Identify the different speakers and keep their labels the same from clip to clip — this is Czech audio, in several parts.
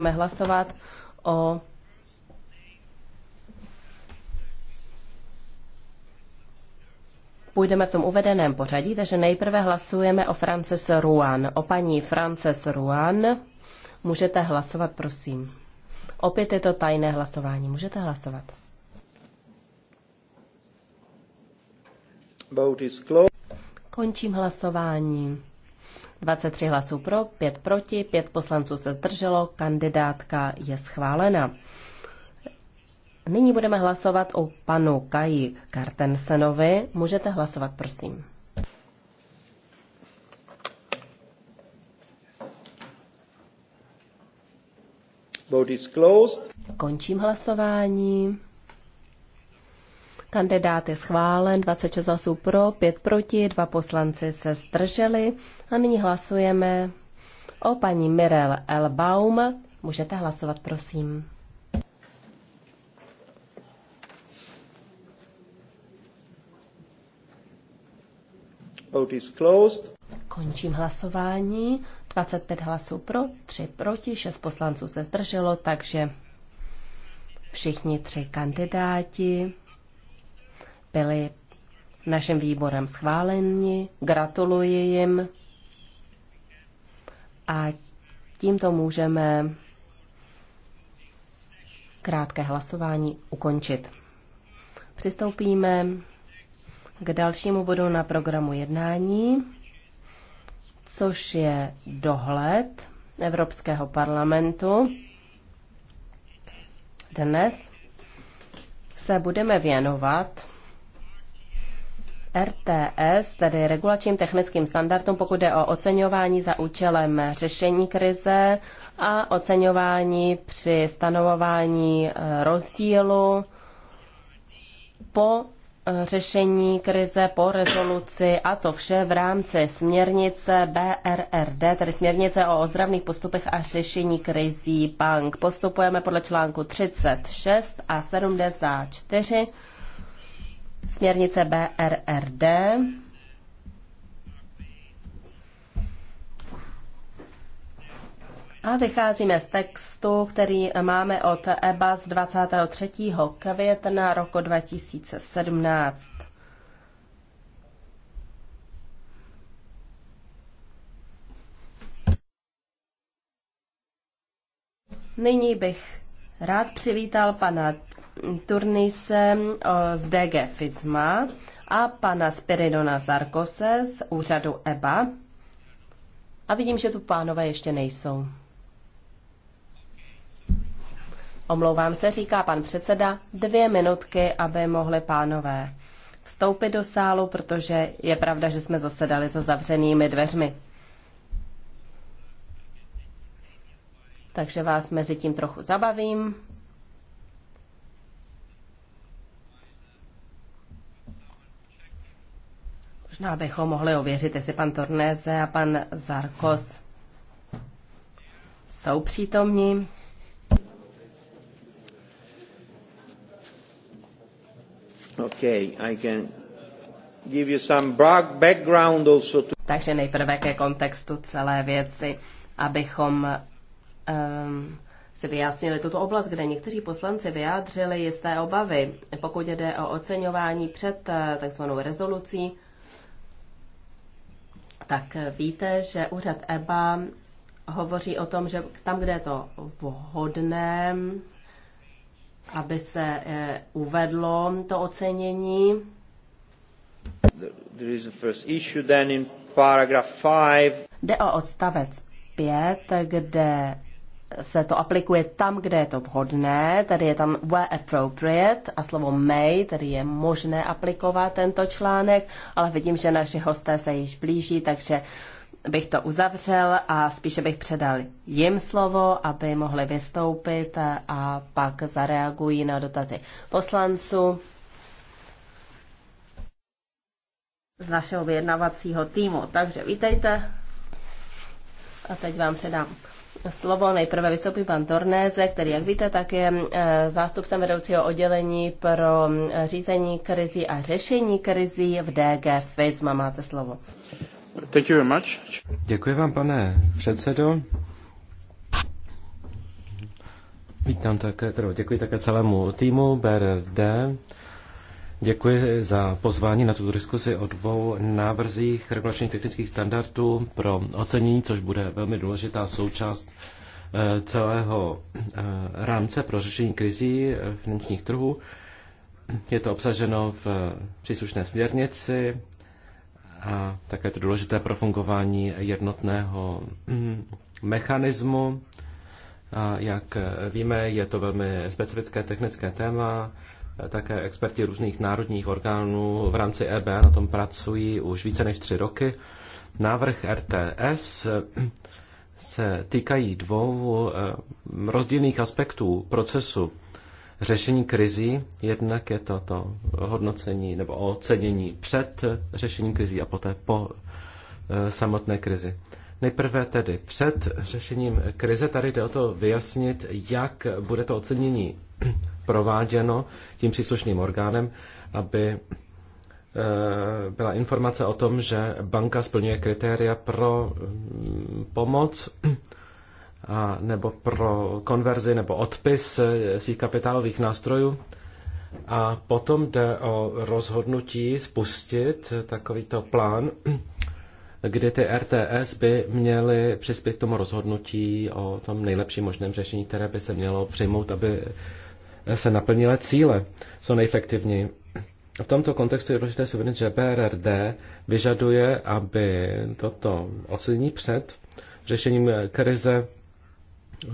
Speaker 1: budeme hlasovat o Půjdeme v tom uvedeném pořadí, takže nejprve hlasujeme o Frances Ruan. O paní Frances Ruan můžete hlasovat, prosím. Opět je to tajné hlasování. Můžete hlasovat. Končím hlasování. 23 hlasů pro, 5 proti, 5 poslanců se zdrželo, kandidátka je schválena. Nyní budeme hlasovat o panu Kaji Kartensenovi. Můžete hlasovat, prosím.
Speaker 2: Vote is closed.
Speaker 1: Končím hlasování. Kandidát je schválen, 26 hlasů pro, 5 proti, 2 poslanci se zdrželi. A nyní hlasujeme o paní Mirel Elbaum. Můžete hlasovat, prosím.
Speaker 2: Vote is closed.
Speaker 1: Končím hlasování. 25 hlasů pro, 3 proti, 6 poslanců se zdrželo, takže všichni tři kandidáti byli naším výborem schváleni. Gratuluji jim a tímto můžeme krátké hlasování ukončit. Přistoupíme k dalšímu bodu na programu jednání, což je dohled Evropského parlamentu. Dnes se budeme věnovat RTS, tedy regulačním technickým standardům, pokud jde o oceňování za účelem řešení krize a oceňování při stanovování eh, rozdílu po eh, řešení krize po rezoluci a to vše v rámci směrnice BRRD, tedy směrnice o ozdravných postupech a řešení krizí bank. Postupujeme podle článku 36 a 74 směrnice BRRD. A vycházíme z textu, který máme od EBA z 23. května roku 2017. Nyní bych rád přivítal pana Turnise z DG FISMA a pana Spiridona Zarkose z úřadu EBA. A vidím, že tu pánové ještě nejsou. Omlouvám se, říká pan předseda, dvě minutky, aby mohli pánové vstoupit do sálu, protože je pravda, že jsme zasedali za zavřenými dveřmi. Takže vás mezi tím trochu zabavím. Možná bychom mohli ověřit, jestli pan Tornéze a pan Zarkos jsou přítomní.
Speaker 2: Okay, I can give you some background also to... Takže
Speaker 1: nejprve ke kontextu celé věci, abychom um, si vyjasnili tuto oblast, kde někteří poslanci vyjádřili jisté obavy, pokud jde o oceňování před eh, takzvanou rezolucí tak víte, že úřad EBA hovoří o tom, že tam, kde je to vhodné, aby se e, uvedlo to ocenění.
Speaker 2: There is a first issue then in paragraph five.
Speaker 1: Jde o odstavec 5, kde se to aplikuje tam, kde je to vhodné, tedy je tam where appropriate a slovo may, tedy je možné aplikovat tento článek, ale vidím, že naši hosté se již blíží, takže bych to uzavřel a spíše bych předal jim slovo, aby mohli vystoupit a pak zareagují na dotazy poslanců z našeho vyjednavacího týmu. Takže vítejte a teď vám předám slovo. Nejprve vystoupí pan Tornéze, který, jak víte, tak je eh, zástupcem vedoucího oddělení pro eh, řízení krizí a řešení krizí v DG FISMA. Máte slovo.
Speaker 3: Thank you very much. Děkuji vám, pane předsedo. Vítám také, děkuji také celému týmu BRD Děkuji za pozvání na tuto diskusi o dvou návrzích regulačních technických standardů pro ocenění, což bude velmi důležitá součást eh, celého eh, rámce pro řešení krizí eh, finančních trhů. Je to obsaženo v příslušné směrnici a také je to důležité pro fungování jednotného hm, mechanismu. A jak víme, je to velmi specifické technické téma, také experti různých národních orgánů v rámci EB na tom pracují už více než tři roky. Návrh RTS se týkají dvou eh, rozdílných aspektů procesu řešení krizí. Jednak je to to hodnocení nebo ocenění před řešením krizí a poté po eh, samotné krizi. Nejprve tedy před řešením krize tady jde o to vyjasnit, jak bude to ocenění prováděno tím příslušným orgánem, aby eh, byla informace o tom, že banka splňuje kritéria pro mm, pomoc a, nebo pro konverzi nebo odpis eh, svých kapitálových nástrojů. A potom jde o rozhodnutí spustit takovýto plán, kdy ty RTS by měly přispět k tomu rozhodnutí o tom nejlepším možném řešení, které by se mělo přijmout, aby se naplnily cíle co nejefektivněji. V tomto kontextu je důležité si že BRRD vyžaduje, aby toto ocenění před řešením krize eh,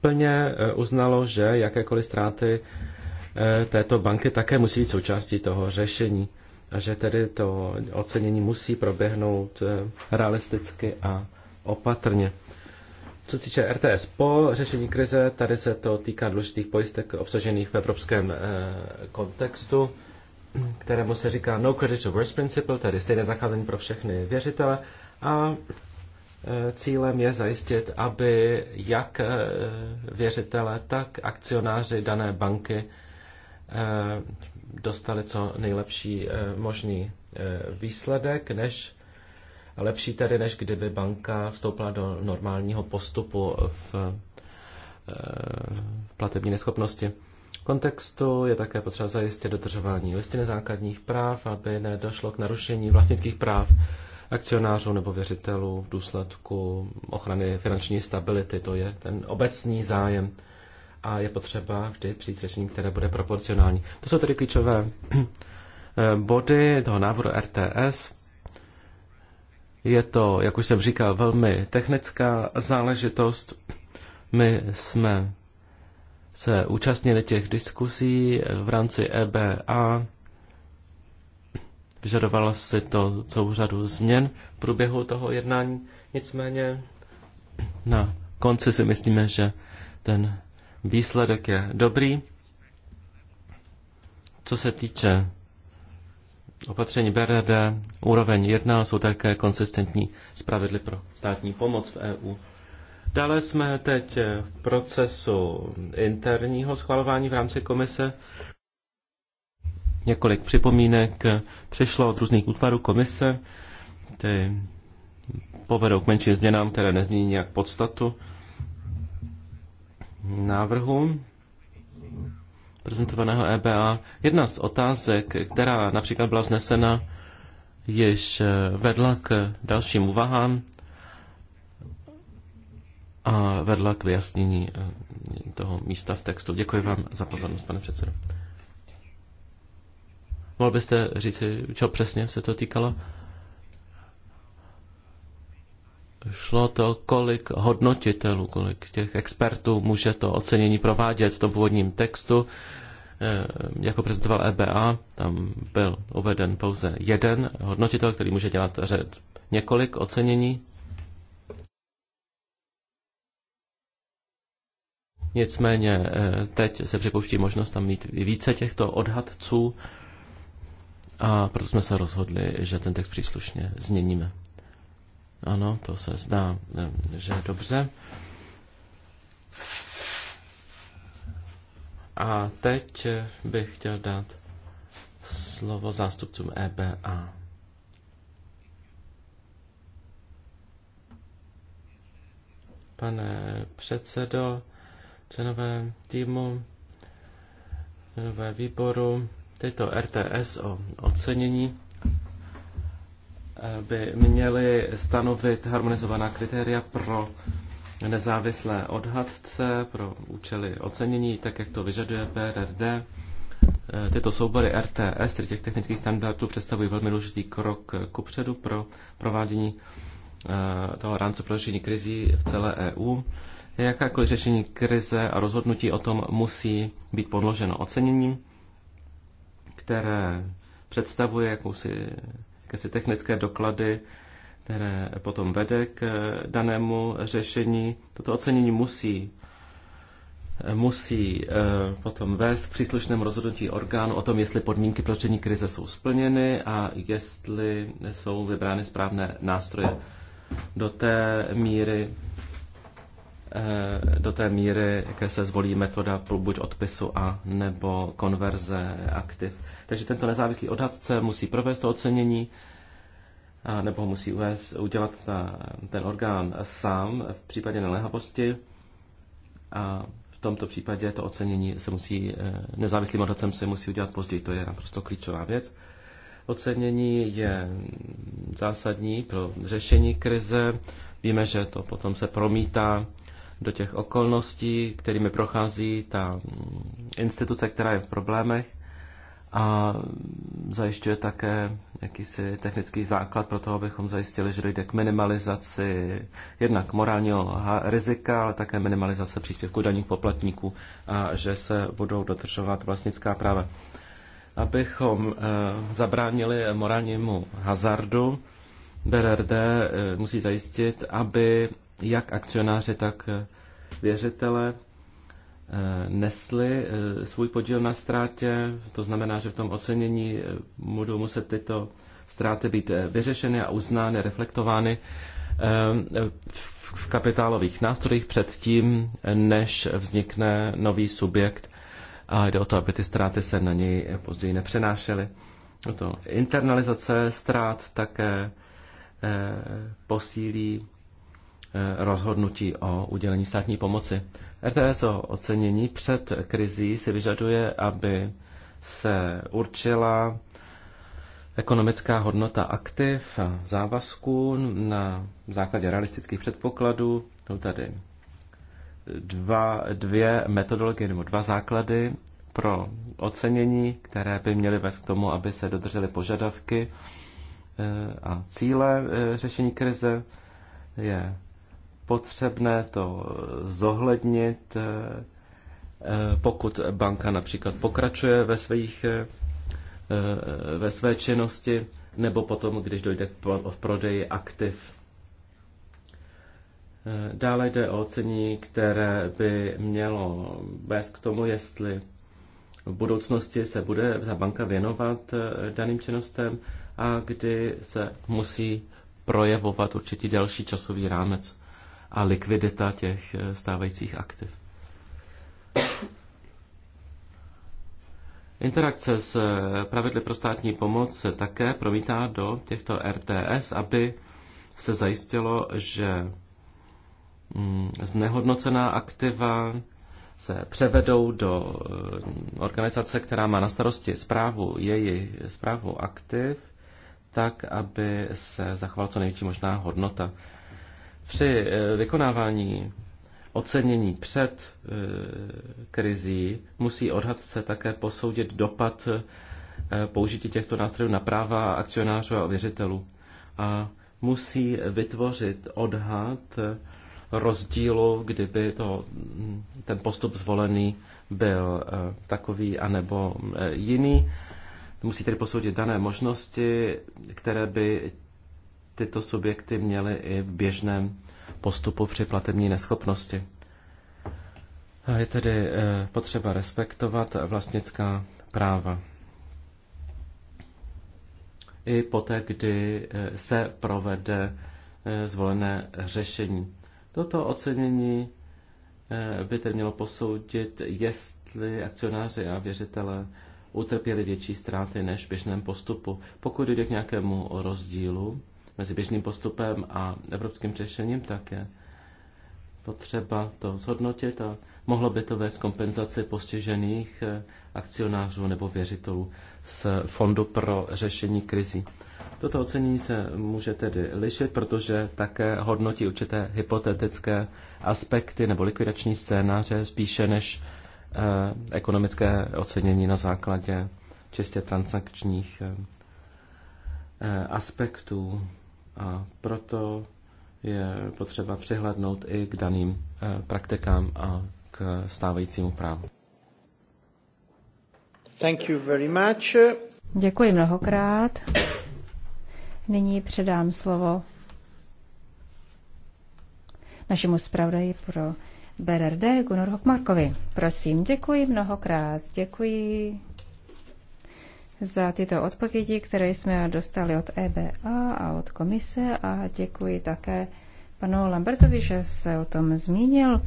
Speaker 3: plně eh, uznalo, že jakékoliv ztráty eh, této banky také musí být součástí toho řešení a že tedy to ocenění musí proběhnout realisticky a opatrně. Co se týče RTS po řešení krize, tady se to týká důležitých pojistek obsažených v evropském eh, kontextu, kterému se říká no credit to worst principle, tedy stejné zacházení pro všechny věřitele. A eh, cílem je zajistit, aby jak eh, věřitele, tak akcionáři dané banky eh, dostali co nejlepší eh, možný eh, výsledek, než lepší tedy, než kdyby banka vstoupila do normálního postupu v eh, platební neschopnosti. V kontextu je také potřeba zajistit dodržování listiny základních práv, aby nedošlo k narušení vlastnických práv akcionářů nebo věřitelů v důsledku ochrany finanční stability. To je ten obecný zájem a je potřeba vždy přijít řešení, které bude proporcionální. To jsou tedy klíčové eh, body toho návodu RTS. Je to, jak už jsem říkal, velmi technická záležitost. My jsme se účastnili těch diskusí v rámci EBA. Vyžadovalo si to celou řadu změn v průběhu toho jednání. Nicméně na konci si myslíme, že ten výsledek je dobrý. Co se týče Opatření BRD úroveň 1 jsou také konsistentní s pravidly pro státní pomoc v EU. Dále jsme teď v procesu interního schvalování v rámci komise. Několik připomínek přišlo od různých útvarů komise. Ty povedou k menším změnám, které nezmění nějak podstatu návrhu prezentovaného EBA. Jedna z otázek, která například byla vznesena, již eh, vedla k dalším úvahám a vedla k vyjasnění eh, toho místa v textu. Děkuji vám za pozornost, pane předsedo. Mohl byste říci, čeho přesně se to týkalo? šlo to, kolik hodnotitelů, kolik těch expertů může to ocenění provádět v tom původním textu. Eh, jako prezentoval EBA, tam byl uveden pouze jeden hodnotitel, který může dělat řed několik ocenění. Nicméně eh, teď se připouští možnost tam mít více těchto odhadců a proto jsme se rozhodli, že ten text příslušně změníme. Ano, to se zdá, eh, že dobře. A teď eh, bych chtěl dát slovo zástupcům EBA. Pane předsedo, členové týmu, členové výboru, tyto RTS o ocenění by měly stanovit harmonizovaná kritéria pro nezávislé odhadce pro účely ocenění, tak jak to vyžaduje PRD. Tyto soubory RTS, těch technických standardů, představují velmi důležitý krok kupředu pro provádění eh, toho rámce pro řešení krizí v celé EU. Jakákoliv řešení krize a rozhodnutí o tom musí být podloženo oceněním, které představuje jakousi jakési technické doklady, které potom vede k eh, danému řešení. Toto ocenění musí eh, musí eh, potom vést k příslušnému rozhodnutí orgánu o tom, jestli podmínky pro řešení krize jsou splněny a jestli jsou vybrány správné nástroje do té míry, do té míry, jaké se zvolí metoda buď odpisu a nebo konverze aktiv. Takže tento nezávislý odhadce musí provést to ocenění, a nebo musí uvést, udělat ta, ten orgán sám v případě neléhavosti. A v tomto případě to ocenění se musí, eh, nezávislým odhadcem se musí udělat později. To je naprosto klíčová věc. Ocenění je zásadní pro řešení krize. Víme, že to potom se promítá do těch okolností, kterými prochází ta mm, instituce, která je v problémech a zajišťuje také jakýsi technický základ pro to, abychom zajistili, že dojde k minimalizaci jednak morálního rizika, ale také minimalizace příspěvku daních poplatníků a že se budou dodržovat vlastnická práva. Abychom eh, zabránili morálnímu hazardu, BRD eh, musí zajistit, aby jak akcionáři, tak eh, věřitele Eh, nesli eh, svůj podíl na ztrátě, to znamená, že v tom ocenění eh, budou muset tyto ztráty být vyřešeny a uznány, reflektovány v kapitálových nástrojích předtím, než vznikne nový subjekt a jde o to, aby ty ztráty se na něj později nepřenášely. To internalizace ztrát také posílí Eh, rozhodnutí o udělení státní pomoci. RTS o ocenění před krizí si vyžaduje, aby se určila ekonomická hodnota aktiv a závazků na základě realistických předpokladů. Jsou tady dva, dvě metodologie nebo dva základy pro ocenění, které by měly vést k tomu, aby se dodržely požadavky eh, a cíle eh, řešení krize. Je potřebné to zohlednit, eh, pokud banka například pokračuje ve, svých, eh, eh, ve své činnosti, nebo potom, když dojde k prodeji aktiv. Dále jde o ocení, které by mělo vést k tomu, jestli v budoucnosti se bude ta banka věnovat daným činnostem a kdy se musí projevovat určitý další časový rámec a likvidita těch eh, stávajících aktiv. Interakce s eh, pravidly pro státní pomoc se také promítá do těchto RTS, aby se zajistilo, že mm, znehodnocená aktiva se převedou do eh, organizace, která má na starosti zprávu její zprávu aktiv, tak, aby se zachovala co největší možná hodnota při eh, vykonávání ocenění před eh, krizí musí odhadce také posoudit dopad eh, použití těchto nástrojů na práva akcionářů a věřitelů. A musí vytvořit odhad rozdílu, kdyby to, hm, ten postup zvolený byl takový anebo jiný. Musí tedy posoudit dané možnosti, které by tyto subjekty měly i v běžném postupu při platební neschopnosti. A je tedy eh, potřeba respektovat vlastnická práva. I poté, kdy eh, se provede eh, zvolené řešení. Toto ocenění by tedy mělo posoudit, jestli akcionáři a věřitele utrpěli větší ztráty než v běžném postupu. Pokud jde k nějakému rozdílu, mezi běžným postupem a evropským řešením, tak je potřeba to zhodnotit a mohlo by to vést kompenzaci postižených eh, akcionářů nebo věřitelů z Fondu pro řešení krizí. Toto ocenění se může tedy lišit, protože také hodnotí určité hypotetické aspekty nebo likvidační scénáře spíše než eh, ekonomické ocenění na základě čistě transakčních eh, eh aspektů. A proto je potřeba přihlednout i k daným eh, praktikám a k stávajícímu právu. Thank you very much.
Speaker 2: Děkuji mnohokrát. Nyní předám slovo našemu zpravodaji pro BRD Gunnar Hokmarkovi. Prosím, děkuji mnohokrát. Děkuji za tyto odpovědi, které jsme dostali od EBA a od komise a děkuji také panu Lambertovi, že se o tom zmínil.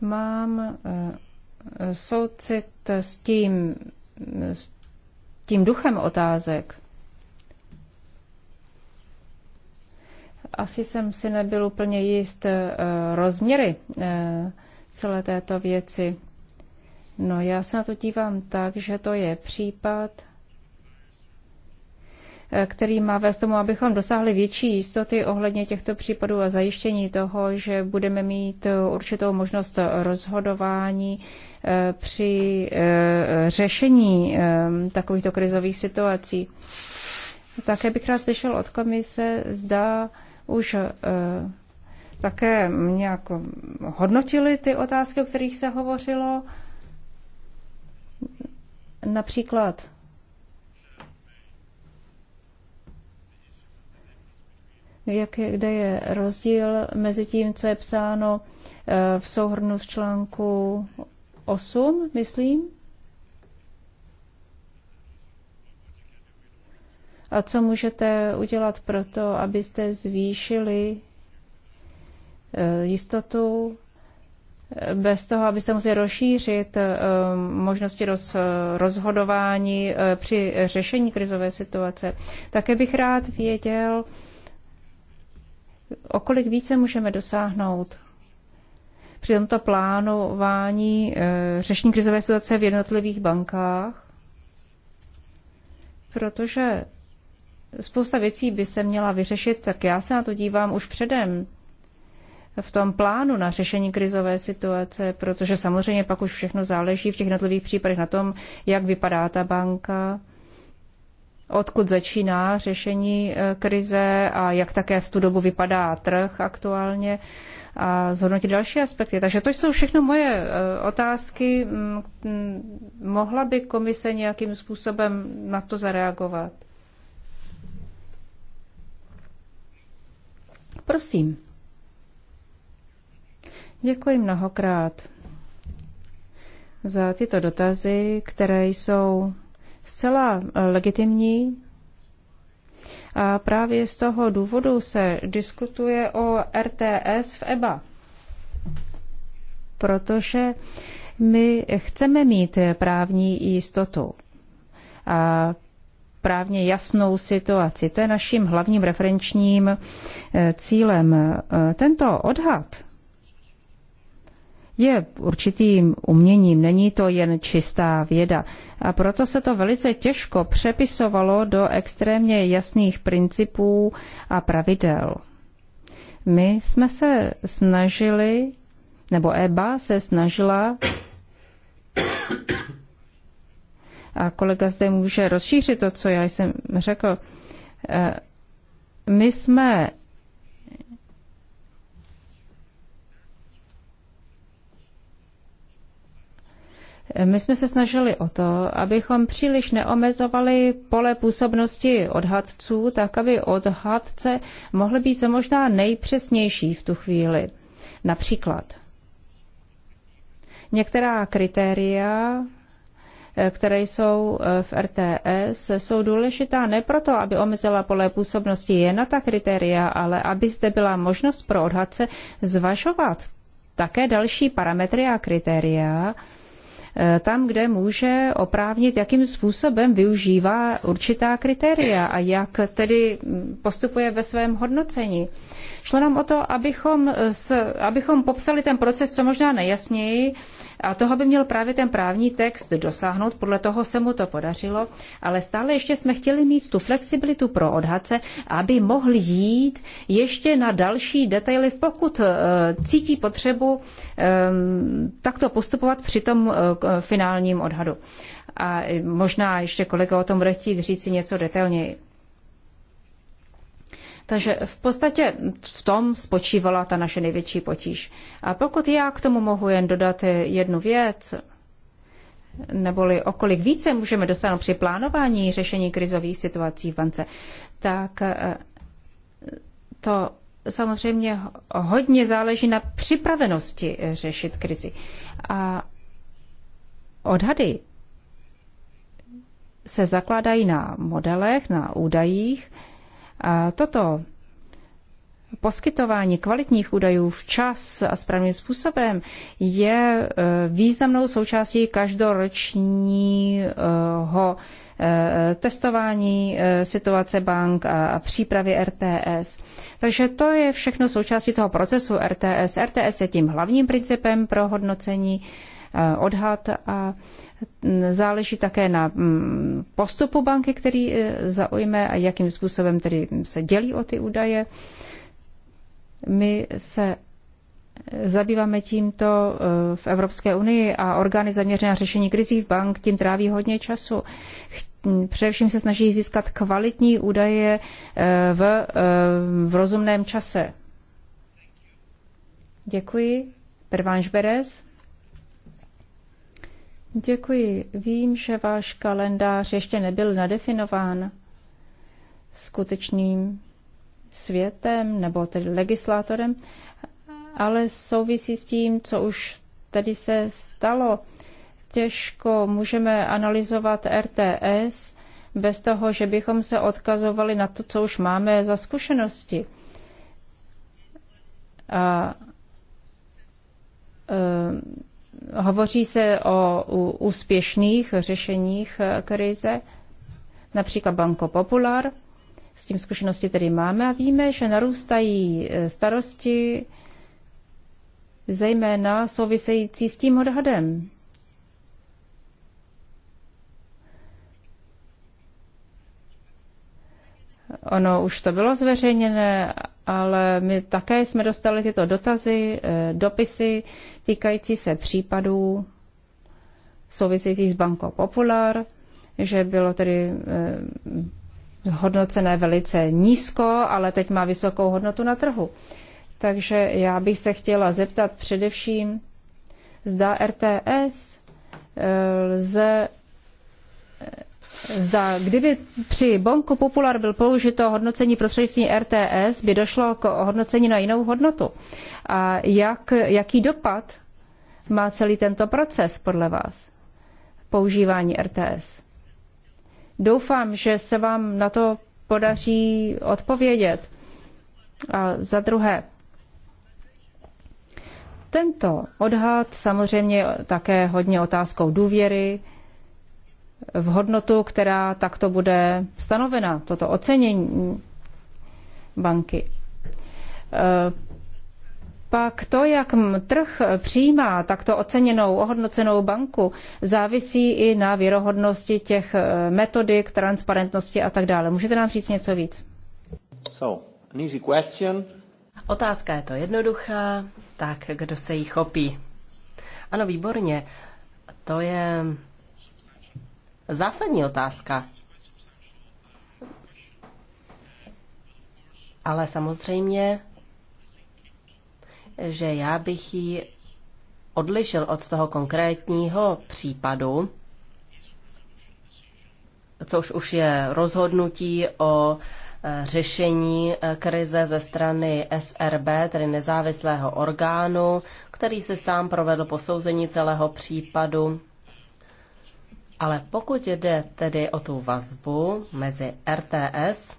Speaker 2: Mám eh, soucit s tím, s tím duchem otázek. Asi jsem si nebyl úplně jist eh, rozměry eh, celé této věci. No já se na to dívám tak, že to je případ, eh, který má vést tomu, abychom dosáhli větší jistoty ohledně těchto případů a zajištění toho, že budeme mít eh, určitou možnost rozhodování eh, při řešení takovýchto krizových situací. Také bych rád slyšel od komise, zda už také nějak hodnotili ty otázky, o kterých se hovořilo Například jak je, kde je rozdíl mezi tím, co je psáno eh, v souhrnu z článku 8, myslím. A co můžete udělat pro to, abyste zvýšili eh, jistotu bez toho, abyste museli rozšířit eh, možnosti roz, rozhodování eh, při řešení krizové situace. Také bych rád věděl, o kolik více můžeme dosáhnout při tomto plánování eh, řešení krizové situace v jednotlivých bankách, protože spousta věcí by se měla vyřešit, tak já se na to dívám už předem v tom plánu na řešení krizové situace, protože samozřejmě pak už všechno záleží v těch jednotlivých případech na tom, jak vypadá ta banka, odkud začíná řešení eh, krize a jak také v tu dobu vypadá trh aktuálně a zhodnotit další aspekty. Takže to jsou všechno moje eh, otázky. Mm, mm, mohla by komise nějakým způsobem na to zareagovat? Prosím. Děkuji mnohokrát za tyto dotazy, které jsou zcela legitimní. A právě z toho důvodu se diskutuje o RTS v EBA, protože my chceme mít právní jistotu a právně jasnou situaci. To je naším hlavním referenčním eh, cílem. Eh, tento odhad je určitým uměním, není to jen čistá věda. A proto se to velice těžko přepisovalo do extrémně jasných principů a pravidel. My jsme se snažili, nebo EBA se snažila a kolega zde může rozšířit to, co já jsem řekl. Eh, my jsme My jsme se snažili o to, abychom příliš neomezovali pole působnosti odhadců, tak aby odhadce mohly být co možná nejpřesnější v tu chvíli. Například některá kritéria, eh, které jsou eh, v RTS, jsou důležitá ne proto, aby omezila pole působnosti jen na ta kritéria, ale aby zde byla možnost pro odhadce zvažovat také další parametry a kritéria, E, tam, kde může oprávnit, jakým způsobem využívá určitá kritéria a jak tedy postupuje ve svém hodnocení. Šlo nám o to, abychom, s, abychom popsali ten proces co možná nejasněji, a toho by měl právě ten právní text dosáhnout, podle toho se mu to podařilo, ale stále ještě jsme chtěli mít tu flexibilitu pro odhadce, aby mohl jít ještě na další detaily, pokud eh, cítí potřebu eh, takto postupovat při tom eh, finálním odhadu. A možná ještě kolega o tom bude chtít říct si něco detailněji. Takže v podstatě v tom spočívala ta naše největší potíž. A pokud já k tomu mohu jen dodat eh, jednu věc, neboli okolik více můžeme dostat při plánování řešení krizových situací v bance, tak eh, to samozřejmě hodně záleží na připravenosti eh, řešit krizi. A odhady se zakládají na modelech, na údajích, a toto poskytování kvalitních údajů včas a správným způsobem je e, významnou součástí každoročního e, testování e, situace bank a přípravy RTS. Takže to je všechno součástí toho procesu RTS. RTS je tím hlavním principem pro hodnocení odhad a Záleží také na mm, postupu banky, který e, zaujme a jakým způsobem tedy se dělí o ty údaje. My se e, zabýváme tímto e, v Evropské unii a orgány zaměřené na řešení krizí v bank tím tráví hodně času. Především se snaží získat kvalitní údaje v, v rozumném čase. Děkuji. Pervanš Beres. Děkuji. Vím, že váš kalendář ještě nebyl nadefinován skutečným světem nebo tedy legislátorem, ale souvisí s tím, co už tady se stalo. Těžko můžeme analyzovat RTS bez toho, že bychom se odkazovali na to, co už máme za zkušenosti. A, Hovoří se o úspěšných řešeních eh, krize, například Banco Popular. S tím zkušenosti tedy máme a víme, že narůstají eh, starosti, zejména související s tím odhadem. Ono už to bylo zveřejněné, ale my také jsme dostali tyto dotazy, eh, dopisy týkající se případů souvisící s Banko Popular, že bylo tedy eh, hodnocené velice nízko, ale teď má vysokou hodnotu na trhu. Takže já bych se chtěla zeptat především, zda RTS eh, lze Zda kdyby při Bonko Popular byl použito hodnocení prostřednictvím RTS, by došlo k hodnocení na jinou hodnotu. A jak, jaký dopad má celý tento proces podle vás? Používání RTS. Doufám, že se vám na to podaří odpovědět. A za druhé, tento odhad samozřejmě také hodně otázkou důvěry, v hodnotu, která takto bude stanovena, toto ocenění banky. E, pak to, jak trh přijímá takto oceněnou, ohodnocenou banku, závisí i na věrohodnosti těch e, metodik, transparentnosti a tak dále. Můžete nám říct něco víc?
Speaker 1: So, an easy
Speaker 3: question.
Speaker 1: Otázka je to jednoduchá, tak kdo se jí chopí? Ano, výborně. To je zásadní otázka. Ale samozřejmě, že já bych ji odlišil od toho konkrétního případu, což už je rozhodnutí o e, řešení e, krize ze strany SRB, tedy nezávislého orgánu, který se sám provedl posouzení celého případu ale pokud jde tedy o tu vazbu mezi RTS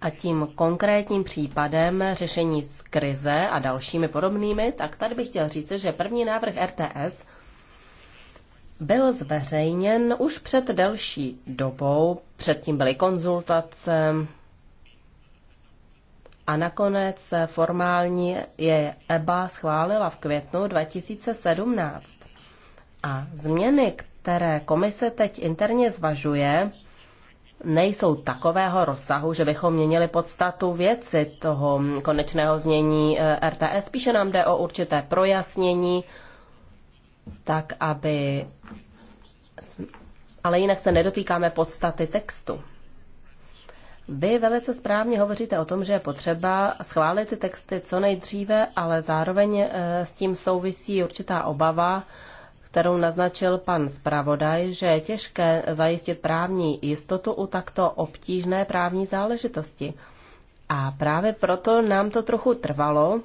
Speaker 1: a tím konkrétním případem řešení z krize a dalšími podobnými, tak tady bych chtěl říct, že první návrh RTS byl zveřejněn už před delší dobou, předtím byly konzultace a nakonec formálně je EBA schválila v květnu 2017. A změny, které komise teď interně zvažuje, nejsou takového rozsahu, že bychom měnili podstatu věci toho konečného znění eh, RTS. Spíše nám jde o určité projasnění, tak aby. Ale jinak se nedotýkáme podstaty textu. Vy velice správně hovoříte o tom, že je potřeba schválit ty texty co nejdříve, ale zároveň eh, s tím souvisí určitá obava, kterou naznačil pan zpravodaj, že je těžké zajistit právní jistotu u takto obtížné právní záležitosti. A právě proto nám to trochu trvalo,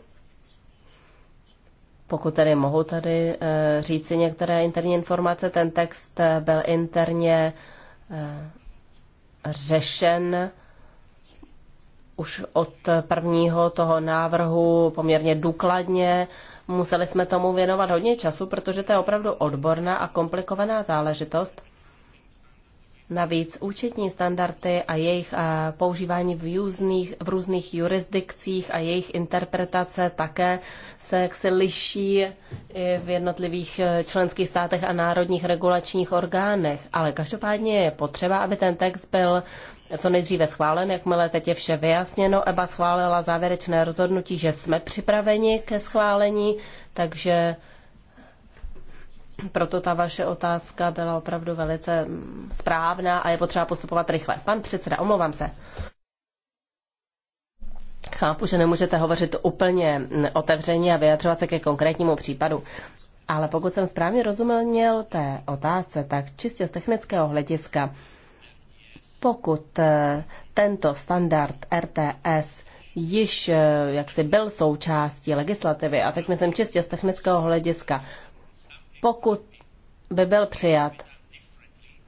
Speaker 1: pokud tedy mohu tady eh, říci některé interní informace, ten text eh, byl interně eh, řešen už od prvního toho návrhu poměrně důkladně. Museli jsme tomu věnovat hodně času, protože to je opravdu odborná a komplikovaná záležitost. Navíc účetní standardy a jejich eh, používání v různých, v různých jurisdikcích a jejich interpretace také se jaksi liší v jednotlivých eh, členských státech a národních regulačních orgánech. Ale každopádně je potřeba, aby ten text byl co nejdříve schválen, jakmile teď je vše vyjasněno. EBA schválila závěrečné rozhodnutí, že jsme připraveni ke schválení, takže proto ta vaše otázka byla opravdu velice mm, správná a je potřeba postupovat rychle. Pan předseda, omlouvám se. Chápu, že nemůžete hovořit úplně mm, otevřeně a vyjadřovat se ke konkrétnímu případu. Ale pokud jsem správně rozuměl té otázce, tak čistě z technického hlediska pokud eh, tento standard RTS již eh, jaksi byl součástí legislativy, a teď myslím čistě z technického hlediska, pokud by byl přijat,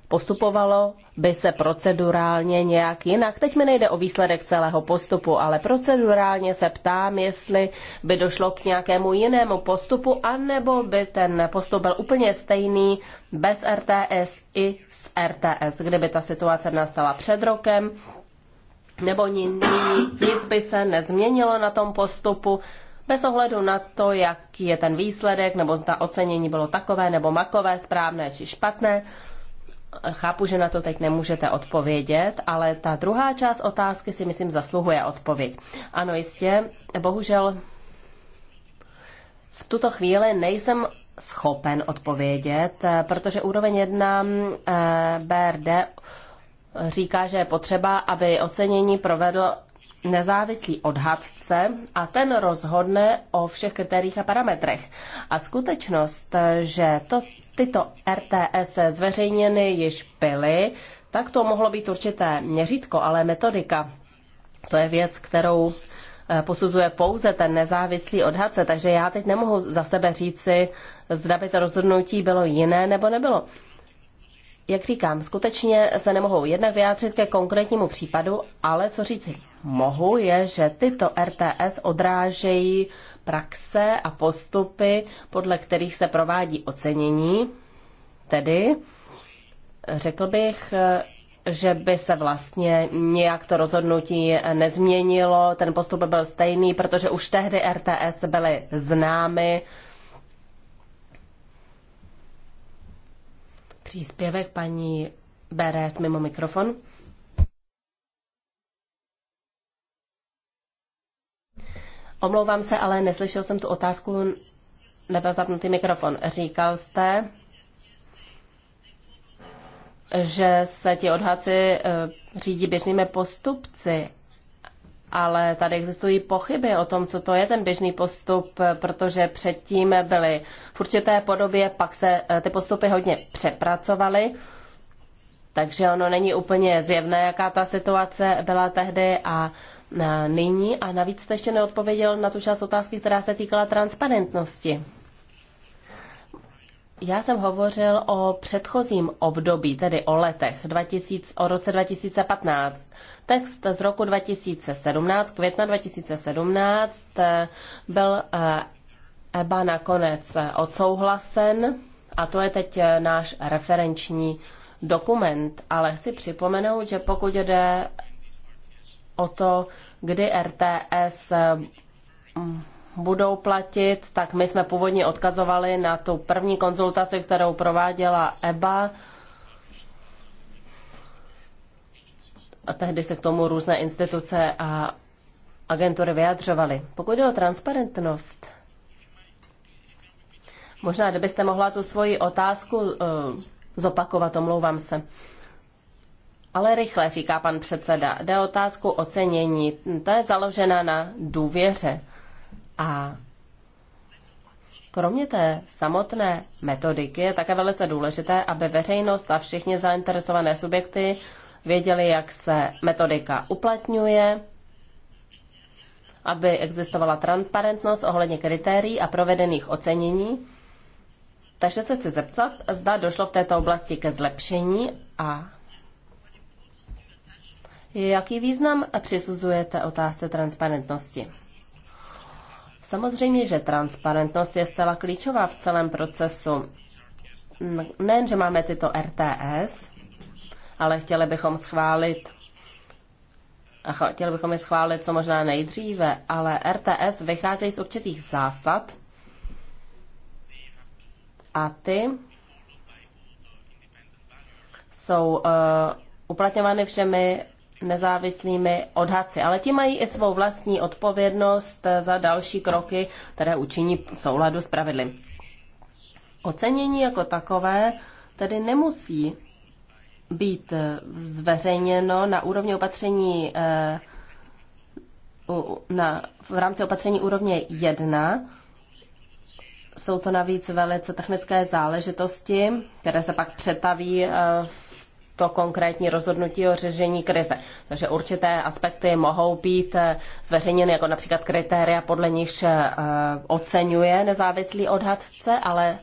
Speaker 1: postupovalo by se procedurálně nějak jinak. Teď mi nejde o výsledek celého postupu, ale procedurálně se ptám, jestli by došlo k nějakému jinému postupu, anebo by ten postup byl úplně stejný bez RTS i s RTS, kdyby ta situace nastala před rokem, nebo nyní nic by se nezměnilo na tom postupu, bez ohledu na to, jaký je ten výsledek, nebo zda ocenění bylo takové nebo makové, správné či špatné. Chápu, že na to teď nemůžete odpovědět, ale ta druhá část otázky si myslím zasluhuje odpověď. Ano, jistě, bohužel v tuto chvíli nejsem schopen odpovědět, protože úroveň 1 eh, BRD říká, že je potřeba, aby ocenění provedl nezávislý odhadce a ten rozhodne o všech kritériích a parametrech. A skutečnost, že to, tyto RTS zveřejněny již byly, tak to mohlo být určité měřítko, ale metodika. To je věc, kterou eh, posuzuje pouze ten nezávislý odhadce, takže já teď nemohu za sebe říci, zda by to rozhodnutí bylo jiné nebo nebylo. Jak říkám, skutečně se nemohou jednak vyjádřit ke konkrétnímu případu, ale co říci mohu, je, že tyto RTS odrážejí praxe a postupy, podle kterých se provádí ocenění. Tedy řekl bych, že by se vlastně nějak to rozhodnutí nezměnilo, ten postup byl stejný, protože už tehdy RTS byly známy. Příspěvek paní Beres mimo mikrofon. Omlouvám se, ale neslyšel jsem tu otázku, nebyl zapnutý mikrofon. Říkal jste, že se ti odhadci eh, řídí běžnými postupci, ale tady existují pochyby o tom, co to je ten běžný postup, eh, protože předtím byly v určité podobě, pak se eh, ty postupy hodně přepracovaly, takže ono není úplně zjevné, jaká ta situace byla tehdy a na nyní a navíc jste ještě neodpověděl na tu část otázky, která se týkala transparentnosti. Já jsem hovořil o předchozím období, tedy o letech 2000, o roce 2015. Text z roku 2017, května 2017, eh, byl eh, EBA nakonec eh, odsouhlasen a to je teď náš referenční dokument. Ale chci připomenout, že pokud jde o to, kdy RTS mm, budou platit, tak my jsme původně odkazovali na tu první konzultaci, kterou prováděla EBA. A tehdy se k tomu různé instituce a agentury vyjadřovaly. Pokud jde o transparentnost, možná kdybyste mohla tu svoji otázku eh, zopakovat, omlouvám se ale rychle, říká pan předseda. Jde o otázku ocenění. Ta je založena na důvěře. A kromě té samotné metodiky je také velice důležité, aby veřejnost a všichni zainteresované subjekty věděli, jak se metodika uplatňuje, aby existovala transparentnost ohledně kritérií a provedených ocenění. Takže se chci zeptat, zda došlo v této oblasti ke zlepšení a Jaký význam přisuzujete otázce transparentnosti? Samozřejmě, že transparentnost je zcela klíčová v celém procesu. Nejen, že máme tyto RTS, ale chtěli bychom schválit a chtěli bychom je schválit co možná nejdříve, ale RTS vycházejí z určitých zásad a ty jsou uh, uplatňovány všemi nezávislými odhadci, ale ti mají i svou vlastní odpovědnost za další kroky, které učiní v souladu s pravidly. Ocenění jako takové tedy nemusí být zveřejněno na úrovni opatření eh, na, v rámci opatření úrovně 1. Jsou to navíc velice technické záležitosti, které se pak přetaví eh, v to konkrétní rozhodnutí o řešení krize. Takže určité aspekty mohou být eh, zveřejněny, jako například kritéria, podle nichž eh, oceňuje nezávislý odhadce, ale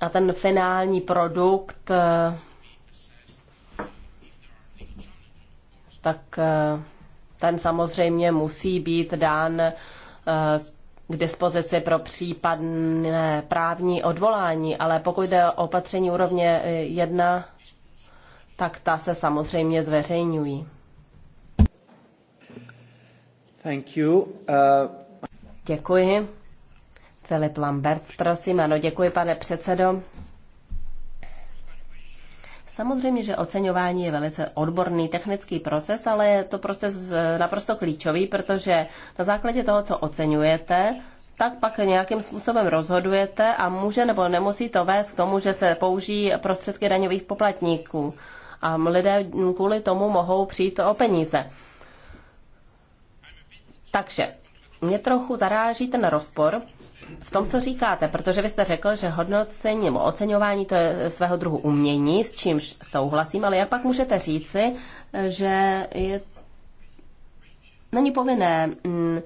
Speaker 1: a ten finální produkt eh, tak ten samozřejmě musí být dán k dispozici pro případné právní odvolání, ale pokud jde o opatření úrovně 1 tak ta se samozřejmě zveřejňují. Thank you. Uh... Děkuji. Filip Lamberts, prosím. Ano, děkuji, pane předsedo. Samozřejmě, že oceňování je velice odborný technický proces, ale je to proces naprosto klíčový, protože na základě toho, co oceňujete, tak pak nějakým způsobem rozhodujete a může nebo nemusí to vést k tomu, že se použijí prostředky daňových poplatníků a lidé kvůli tomu mohou přijít o peníze. Takže mě trochu zaráží ten rozpor v tom, co říkáte, protože vy jste řekl, že hodnocení nebo oceňování to je svého druhu umění, s čímž souhlasím, ale jak pak můžete říci, že je... není povinné mm,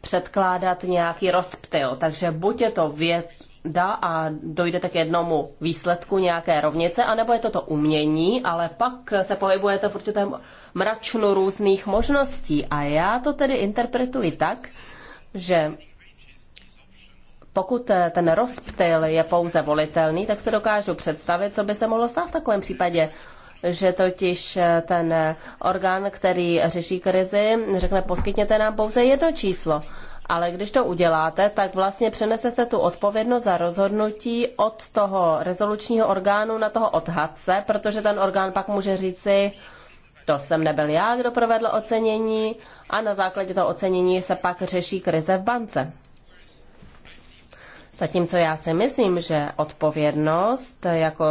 Speaker 1: předkládat nějaký rozptyl. Takže buď je to věc, dá a dojdete k jednomu výsledku nějaké rovnice, anebo je to to umění, ale pak se pohybujete v určitém mračnu různých možností. A já to tedy interpretuji tak, že pokud eh, ten rozptyl je pouze volitelný, tak se dokážu představit, co by se mohlo stát v takovém případě že totiž eh, ten eh, orgán, který řeší krizi, řekne poskytněte nám pouze jedno číslo ale když to uděláte, tak vlastně přenesete tu odpovědnost za rozhodnutí od toho rezolučního orgánu na toho odhadce, protože ten orgán pak může říci, to jsem nebyl já, kdo provedl ocenění a na základě toho ocenění se pak řeší krize v bance. Zatímco já si myslím, že odpovědnost jako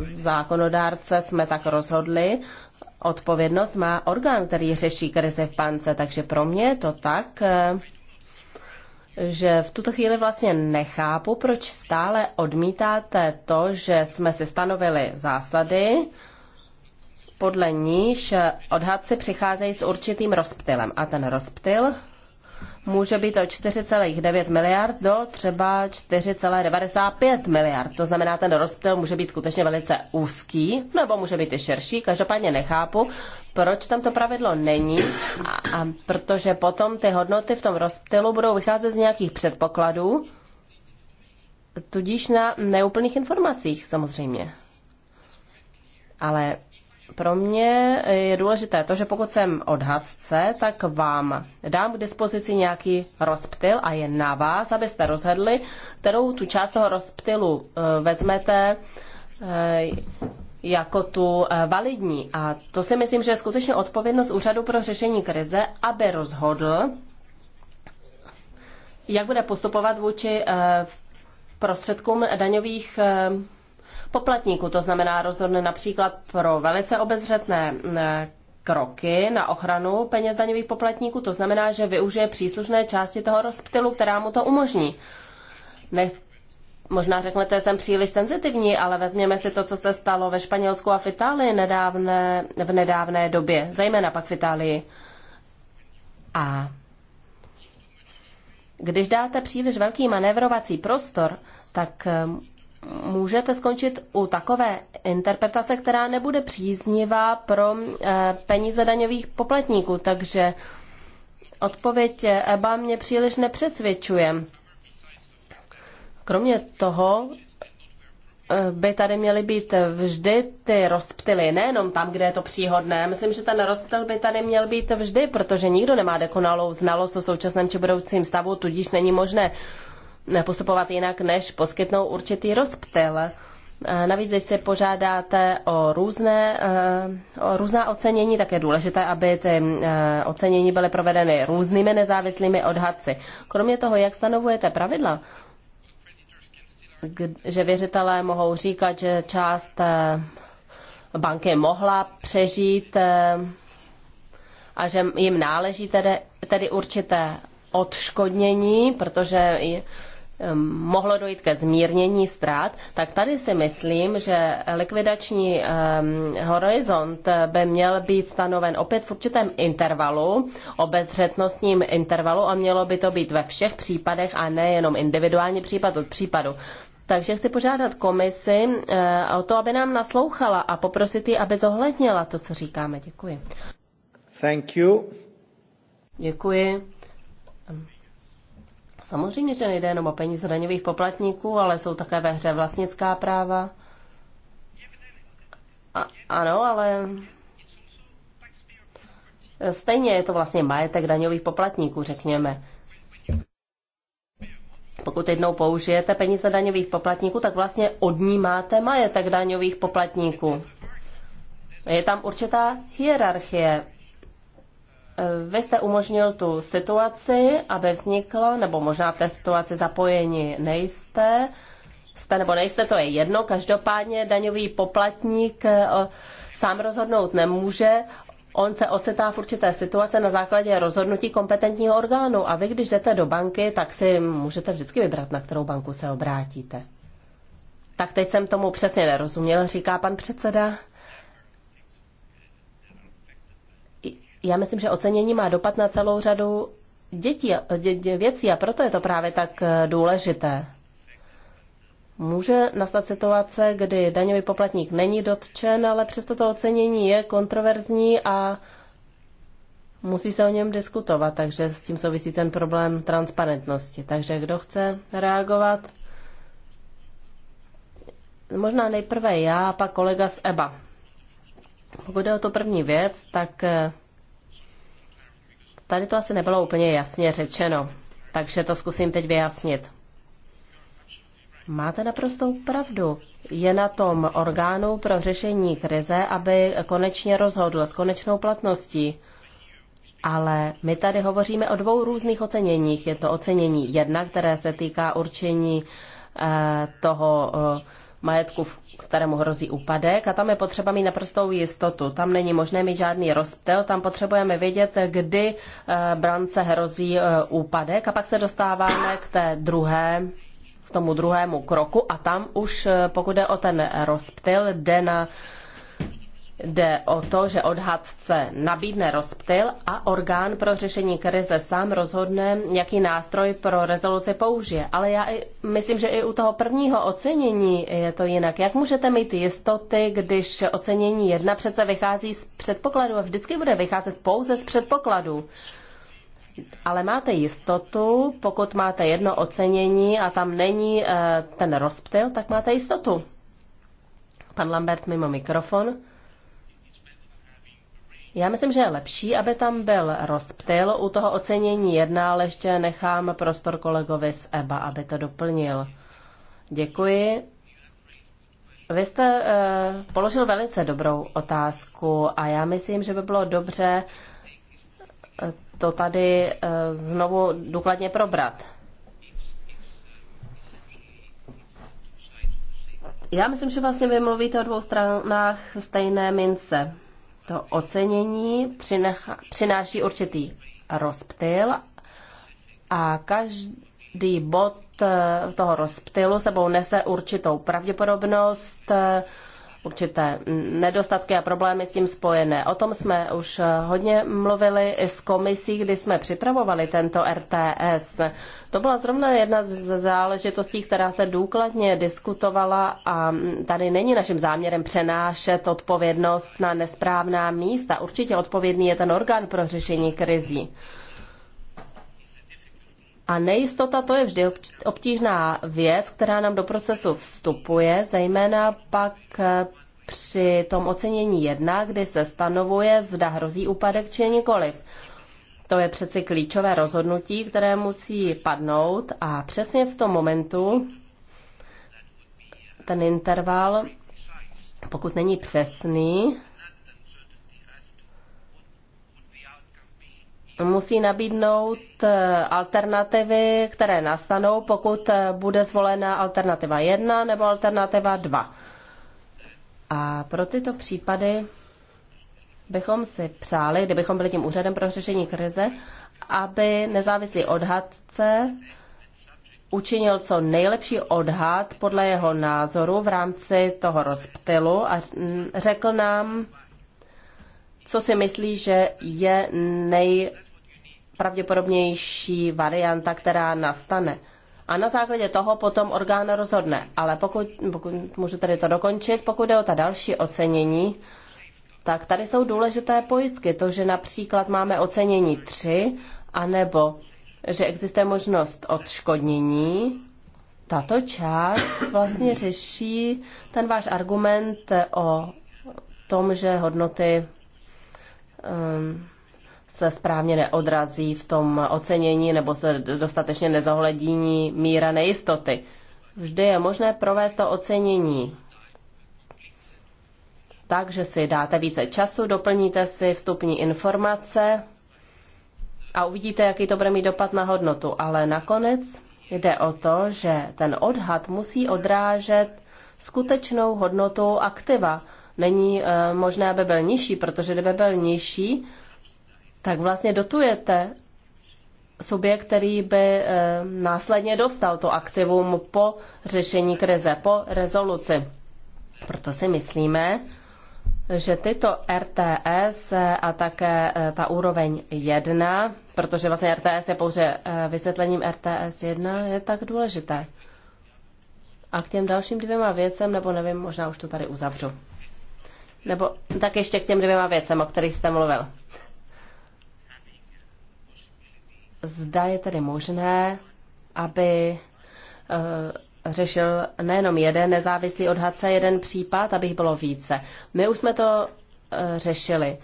Speaker 1: zákonodárce jsme tak rozhodli, odpovědnost má orgán, který řeší krize v bance, takže pro mě je to tak, eh, že v tuto chvíli vlastně nechápu, proč stále odmítáte to, že jsme si stanovili zásady, podle níž odhadci přicházejí s určitým rozptylem. A ten rozptyl může být od 4,9 miliard do třeba 4,95 miliard. To znamená, ten rozptyl může být skutečně velice úzký, nebo může být i širší. Každopádně nechápu, proč tam to pravidlo není, a, a protože potom ty hodnoty v tom rozptylu budou vycházet z nějakých předpokladů, tudíž na neúplných informacích samozřejmě. Ale pro mě je důležité to, že pokud jsem odhadce, tak vám dám k dispozici nějaký rozptyl a je na vás, abyste rozhodli, kterou tu část toho rozptylu eh, vezmete eh, jako tu eh, validní. A to si myslím, že je skutečně odpovědnost Úřadu pro řešení krize, aby rozhodl, jak bude postupovat vůči prostředkům daňových poplatníků. To znamená, rozhodne například pro velice obezřetné mm, kroky na ochranu peněz daňových poplatníků. To znamená, že využije příslušné části toho rozptylu, která mu to umožní. Nech, možná řeknete, že jsem příliš senzitivní, ale vezměme si to, co se stalo ve Španělsku a v Itálii nedávné, v nedávné době, zejména pak v Itálii. A když dáte příliš velký manévrovací prostor, tak můžete skončit u takové interpretace, která nebude příznivá pro eh, peníze daňových poplatníků. Takže odpověď EBA mě příliš nepřesvědčuje. Kromě toho eh, by tady měly být vždy ty rozptily, nejenom tam, kde je to příhodné. Myslím, že ten rozptyl by tady měl být vždy, protože nikdo nemá dokonalou znalost o současném či budoucím stavu, tudíž není možné uh, postupovat jinak, než poskytnou určitý rozptyl. E, navíc, když se požádáte o, různé, e, o různá ocenění, tak je důležité, aby ty e, ocenění byly provedeny různými nezávislými odhadci. Kromě toho, jak stanovujete pravidla, že věřitelé mohou říkat, že část banky mohla přežít a že jim náleží tedy, tedy určité odškodnění, protože Ehm, mohlo dojít ke zmírnění ztrát, tak tady si myslím, že likvidační ehm, horizont by měl být stanoven opět v určitém intervalu, obezřetnostním intervalu a mělo by to být ve všech případech a nejenom individuální případ od případu. Takže chci požádat komisi eh, o to, aby nám naslouchala a poprosit ji, aby zohlednila to, co říkáme. Děkuji.
Speaker 2: Thank you.
Speaker 1: Děkuji. Samozřejmě, že nejde jenom o peníze daňových poplatníků, ale jsou také ve hře vlastnická práva. A, ano, ale stejně je to vlastně majetek daňových poplatníků, řekněme. Pokud jednou použijete peníze daňových poplatníků, tak vlastně odnímáte majetek daňových poplatníků. Je tam určitá hierarchie. Vy jste umožnil tu situaci, aby vznikla, nebo možná v té situaci zapojeni nejste, jste nebo nejste, to je jedno. Každopádně daňový poplatník eh, sám rozhodnout nemůže. On se ocitá v určité situace na základě rozhodnutí kompetentního orgánu a vy, když jdete do banky, tak si můžete vždycky vybrat, na kterou banku se obrátíte. Tak teď jsem tomu přesně nerozuměl, říká pan předseda. já myslím, že ocenění má dopad na celou řadu dětí, dě, dě, věcí a proto je to právě tak eh, důležité. Může nastat situace, kdy daňový poplatník není dotčen, ale přesto to ocenění je kontroverzní a musí se o něm diskutovat, takže s tím souvisí ten problém transparentnosti. Takže kdo chce reagovat? Možná nejprve já a pak kolega z EBA. Pokud je o tu první věc, tak eh, Tady to asi nebylo úplně jasně řečeno, takže to zkusím teď vyjasnit. Máte naprostou pravdu. Je na tom orgánu pro řešení krize, aby konečně rozhodl s konečnou platností. Ale my tady hovoříme o dvou různých oceněních. Je to ocenění jedna, které se týká určení eh, toho eh, majetku, kterému hrozí úpadek a tam je potřeba mít naprostou jistotu. Tam není možné mít žádný rozptyl, tam potřebujeme vědět, kdy eh, brance hrozí eh, úpadek a pak se dostáváme k té druhé k tomu druhému kroku a tam už, eh, pokud jde o ten rozptyl, jde na Jde o to, že odhadce nabídne rozptyl a orgán pro řešení krize sám rozhodne, jaký nástroj pro rezoluci použije. Ale já i, myslím, že i u toho prvního ocenění je to jinak. Jak můžete mít jistoty, když ocenění jedna přece vychází z předpokladu a vždycky bude vycházet pouze z předpokladu? Ale máte jistotu, pokud máte jedno ocenění a tam není eh, ten rozptyl, tak máte jistotu. Pan Lambert mimo mikrofon. Já myslím, že je lepší, aby tam byl rozptyl. U toho ocenění jedna, ale ještě nechám prostor kolegovi z EBA, aby to doplnil. Děkuji. Vy jste uh, položil velice dobrou otázku a já myslím, že by bylo dobře eh, to tady uh, znovu důkladně probrat. Já myslím, že vlastně vy mluvíte o dvou stranách stejné mince. To ocenění přináší určitý rozptyl a každý bod eh, toho rozptylu sebou nese určitou pravděpodobnost eh, určité nedostatky a problémy s tím spojené. O tom jsme už hodně mluvili i s komisí, kdy jsme připravovali tento RTS. To byla zrovna jedna z záležitostí, která se důkladně diskutovala a tady není naším záměrem přenášet odpovědnost na nesprávná místa. Určitě odpovědný je ten orgán pro řešení krizí. A nejistota to je vždy obtížná věc, která nám do procesu vstupuje, zejména pak eh, při tom ocenění jedna, kdy se stanovuje, zda hrozí úpadek či nikoliv. To je přeci klíčové rozhodnutí, které musí padnout a přesně v tom momentu ten interval, pokud není přesný, musí nabídnout eh, alternativy, které nastanou, pokud eh, bude zvolena alternativa 1 nebo alternativa 2. A pro tyto případy bychom si přáli, kdybychom byli tím úřadem pro řešení krize, aby nezávislý odhadce učinil co nejlepší odhad podle jeho názoru v rámci toho rozptylu a řekl nám, co si myslí, že je nej pravděpodobnější varianta, která nastane. A na základě toho potom orgán rozhodne. Ale pokud, pokud můžu tady to dokončit, pokud jde o ta další ocenění, tak tady jsou důležité pojistky. To, že například máme ocenění 3, anebo že existuje možnost odškodnění, tato část vlastně řeší ten váš argument o tom, že hodnoty um, se správně neodrazí v tom ocenění nebo se dostatečně nezohlední míra nejistoty. Vždy je možné provést to ocenění tak, že si dáte více času, doplníte si vstupní informace a uvidíte, jaký to bude mít dopad na hodnotu. Ale nakonec jde o to, že ten odhad musí odrážet skutečnou hodnotu aktiva. Není eh, možné, aby byl nižší, protože kdyby byl nižší, tak vlastně dotujete subjekt, který by eh, následně dostal to aktivum po řešení krize, po rezoluci. Proto si myslíme, že tyto RTS a také eh, ta úroveň 1, protože vlastně RTS je pouze eh, vysvětlením RTS 1, je tak důležité. A k těm dalším dvěma věcem, nebo nevím, možná už to tady uzavřu. Nebo tak ještě k těm dvěma věcem, o kterých jste mluvil zda je tedy možné, aby eh, řešil nejenom jeden nezávislý odhadce, jeden případ, abych bylo více. My už jsme to eh, řešili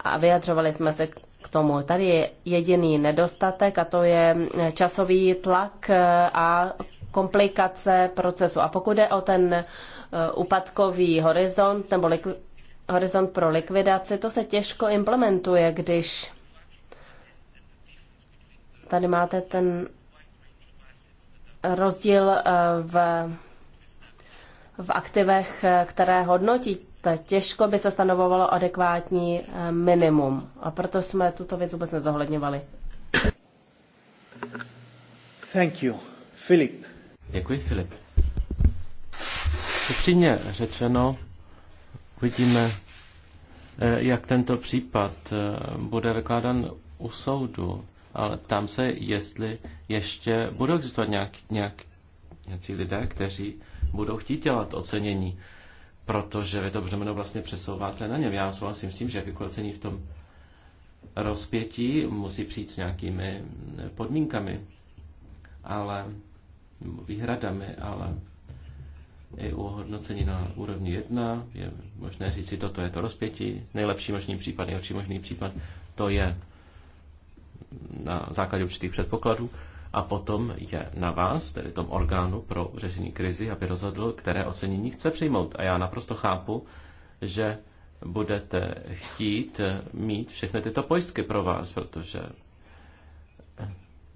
Speaker 1: a vyjadřovali jsme se k tomu. Tady je jediný nedostatek a to je časový tlak eh, a komplikace procesu. A pokud je o ten úpadkový horizont nebo horizont pro likvidaci, to se těžko implementuje, když Tady máte ten rozdíl eh, v, v aktivech, eh, které hodnotí. Těžko by se stanovovalo adekvátní eh, minimum. A proto jsme tuto věc vůbec nezohledňovali.
Speaker 3: Thank you. Filip. Děkuji, Filip. Upřímně řečeno, uvidíme, jak tento případ bude vykládán u soudu ale tam se, jestli ještě budou existovat nějak, nějak, nějací lidé, kteří budou chtít dělat ocenění, protože vy to břemeno vlastně přesouváte na něm. Já souhlasím s tím, že jakékoliv ocenění v tom rozpětí musí přijít s nějakými podmínkami, ale výhradami, ale i u hodnocení na úrovni 1 je možné říct si, toto je to rozpětí, nejlepší možný případ, nejhorší možný případ, to je na základě určitých předpokladů a potom je na vás, tedy tom orgánu pro řešení krizi, aby rozhodl, které ocenění chce přijmout. A já naprosto chápu, že budete chtít mít všechny tyto pojistky pro vás, protože eh,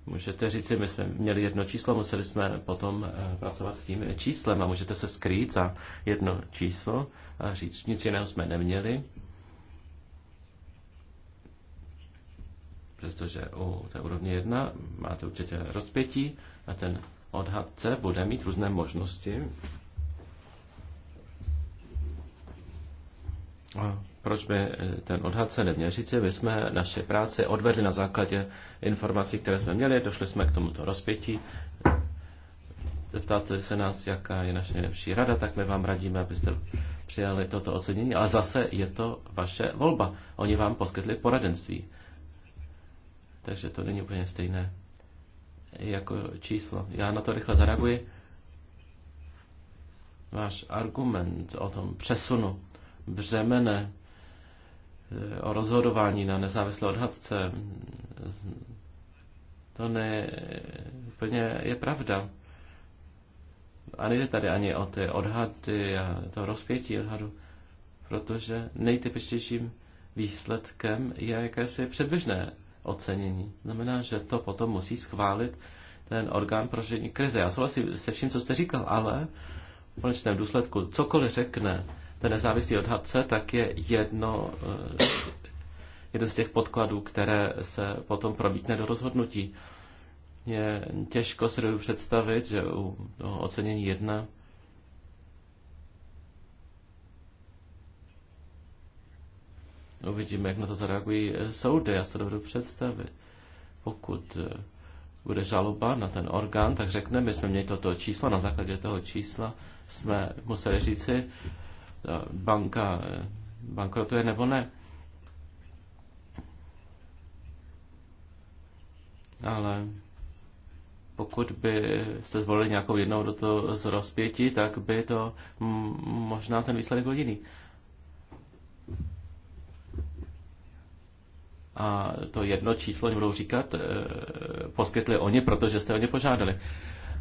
Speaker 3: můžete říct my jsme měli jedno číslo, museli jsme potom eh, pracovat s tím číslem a můžete se skrýt za jedno číslo a říct, nic jiného jsme neměli Přestože u té úrovně 1 máte určitě rozpětí a ten odhad C bude mít různé možnosti. A proč by eh, ten odhad se neměl říct, My jsme naše práce odvedli na základě informací, které jsme měli, došli jsme k tomuto rozpětí. Zeptáte se nás, jaká je naše nejlepší rada, tak my vám radíme, abyste přijali toto ocenění, ale zase je to vaše volba. Oni vám poskytli poradenství takže to není úplně stejné jako číslo. Já na to rychle zareaguji. Váš argument o tom přesunu břemene eh, o rozhodování na nezávislé odhadce, to ne, úplně je pravda. A nejde tady ani o ty odhady a to rozpětí odhadu, protože nejtypičtějším výsledkem je jakési předběžné ocenění. Znamená, že to potom musí schválit ten orgán pro řešení krize. Já souhlasím se vším, co jste říkal, ale v konečném důsledku cokoliv řekne ten nezávislý odhadce, tak je jedno, eh, jeden z těch podkladů, které se potom probítne do rozhodnutí. Je těžko si představit, že u ocenění jedna No, uvidíme, jak na to zareagují eh, soudy, já si to dobře představit. Pokud eh, bude žaloba na ten orgán, tak řekne, my jsme měli toto číslo, na základě toho čísla jsme museli říci, eh, banka bankrotuje nebo ne. Ale pokud by jste zvolili nějakou jednou do toho z rozpěti, tak by to možná ten výsledek byl jiný a to jedno číslo, nebudou říkat, eh, poskytli oni, protože jste o ně požádali.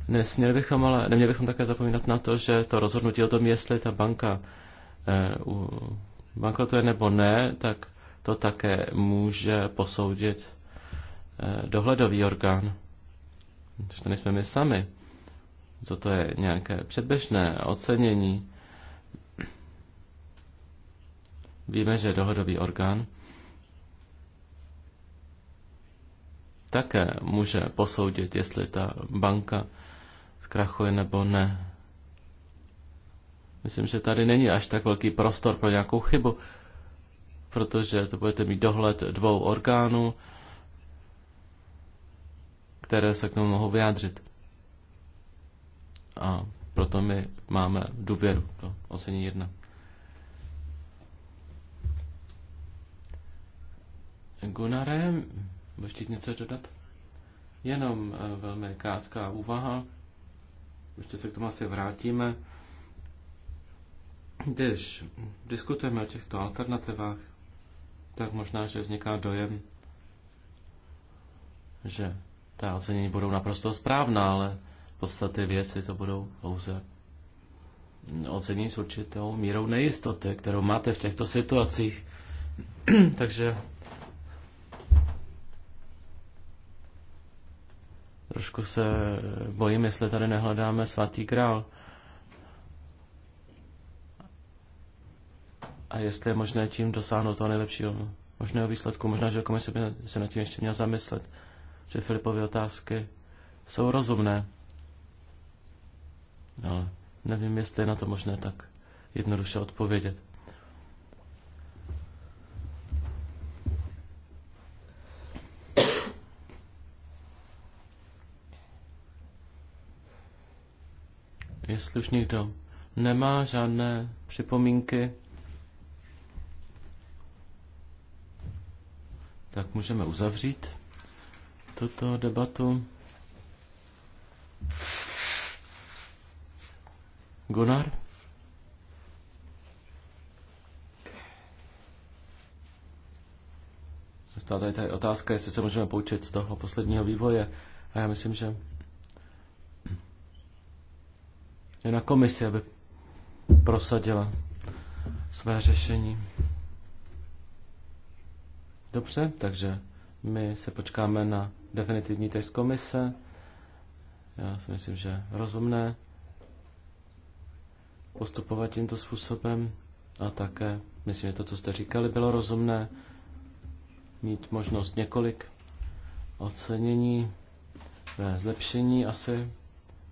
Speaker 3: Nesměli bychom, ale neměli bychom také zapomínat na to, že to rozhodnutí o tom, jestli ta banka eh, bankrotuje nebo ne, tak to také může posoudit eh, dohledový orgán. Protože to nejsme my sami. Toto je nějaké předběžné ocenění. Víme, že dohledový orgán také může posoudit, jestli ta banka zkrachuje nebo ne. Myslím, že tady není až tak velký prostor pro nějakou chybu, protože to budete mít dohled dvou orgánů, které se k tomu mohou vyjádřit. A proto my máme důvěru do ocení jedna. Gunarem, nebo chtít něco dodat? Jenom eh, velmi krátká úvaha. Ještě se k tomu asi vrátíme. Když diskutujeme o těchto alternativách, tak možná, že vzniká dojem, že ta ocenění budou naprosto správná, ale v podstatě věci to budou pouze ocenění s určitou mírou nejistoty, kterou máte v těchto situacích. Takže Trošku se bojím, jestli tady nehledáme svatý král. A jestli je možné tím dosáhnout toho nejlepšího možného výsledku. Možná, že komise by se nad tím ještě měl zamyslet, že Filipovy otázky jsou rozumné. Ale nevím, jestli je na to možné tak jednoduše odpovědět. Jestli už někdo nemá žádné připomínky, tak můžeme uzavřít tuto debatu. Gunnar? Stále tady, tady otázka, jestli se můžeme poučit z toho posledního vývoje. A já myslím, že je na komisi, aby prosadila své řešení. Dobře, takže my se počkáme na definitivní text komise. Já si myslím, že rozumné postupovat tímto způsobem a také, myslím, že to, co jste říkali, bylo rozumné mít možnost několik ocenění, zlepšení asi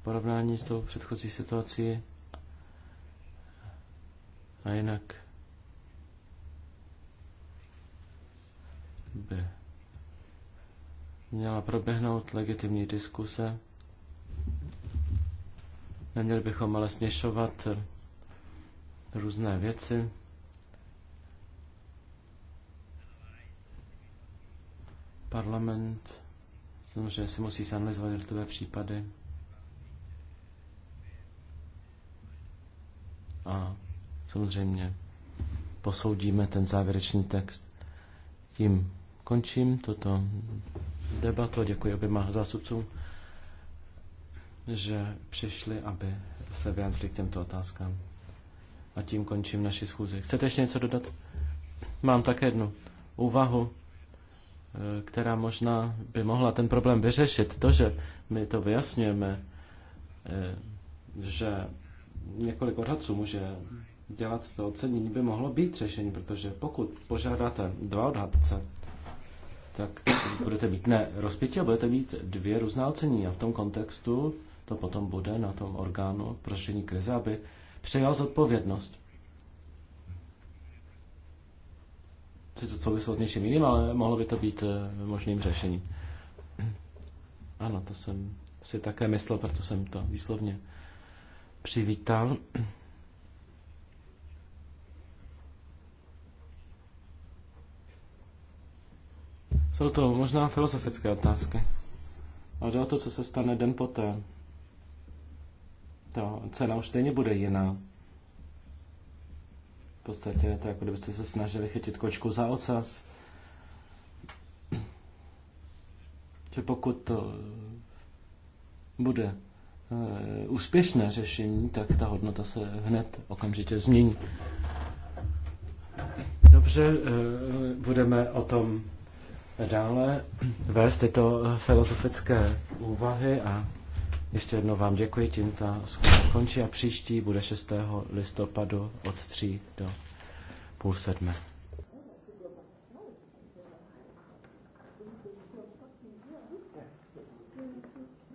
Speaker 3: porovnání s tou předchozí situací. A jinak by měla proběhnout legitimní diskuse. Neměli bychom ale směšovat různé věci. Parlament samozřejmě si musí zanalizovat jednotlivé případy. a samozřejmě posoudíme ten závěrečný text. Tím končím toto debatu. Děkuji oběma zástupcům, že přišli, aby se vyjádřili k těmto otázkám. A tím končím naši schůzi. Chcete ještě něco dodat? Mám také jednu úvahu, eh, která možná by mohla ten problém vyřešit. To, že my to vyjasňujeme, eh, že několik odhadců že dělat to ocenění, by mohlo být řešení, protože pokud požádáte dva odhadce, tak budete mít ne rozpětí, ale budete mít dvě různá ocenění. A v tom kontextu to potom bude na tom orgánu pro řešení krize, aby přijal zodpovědnost. Sice souvislo s něčím jiným, ale mohlo by to být eh, možným řešením. Ano, to jsem si také myslel, proto jsem to výslovně přivítal. Jsou to možná filozofické otázky. A jde o to, co se stane den poté. Ta cena už stejně bude jiná. V podstatě je to jako kdybyste se snažili chytit kočku za ocas. Že pokud to bude Eh, úspěšné řešení, tak ta hodnota se hned okamžitě změní. Dobře, eh, budeme o tom dále vést tyto filozofické úvahy a ještě jednou vám děkuji, tím ta schůze končí a příští bude 6. listopadu od 3 do půl sedmé.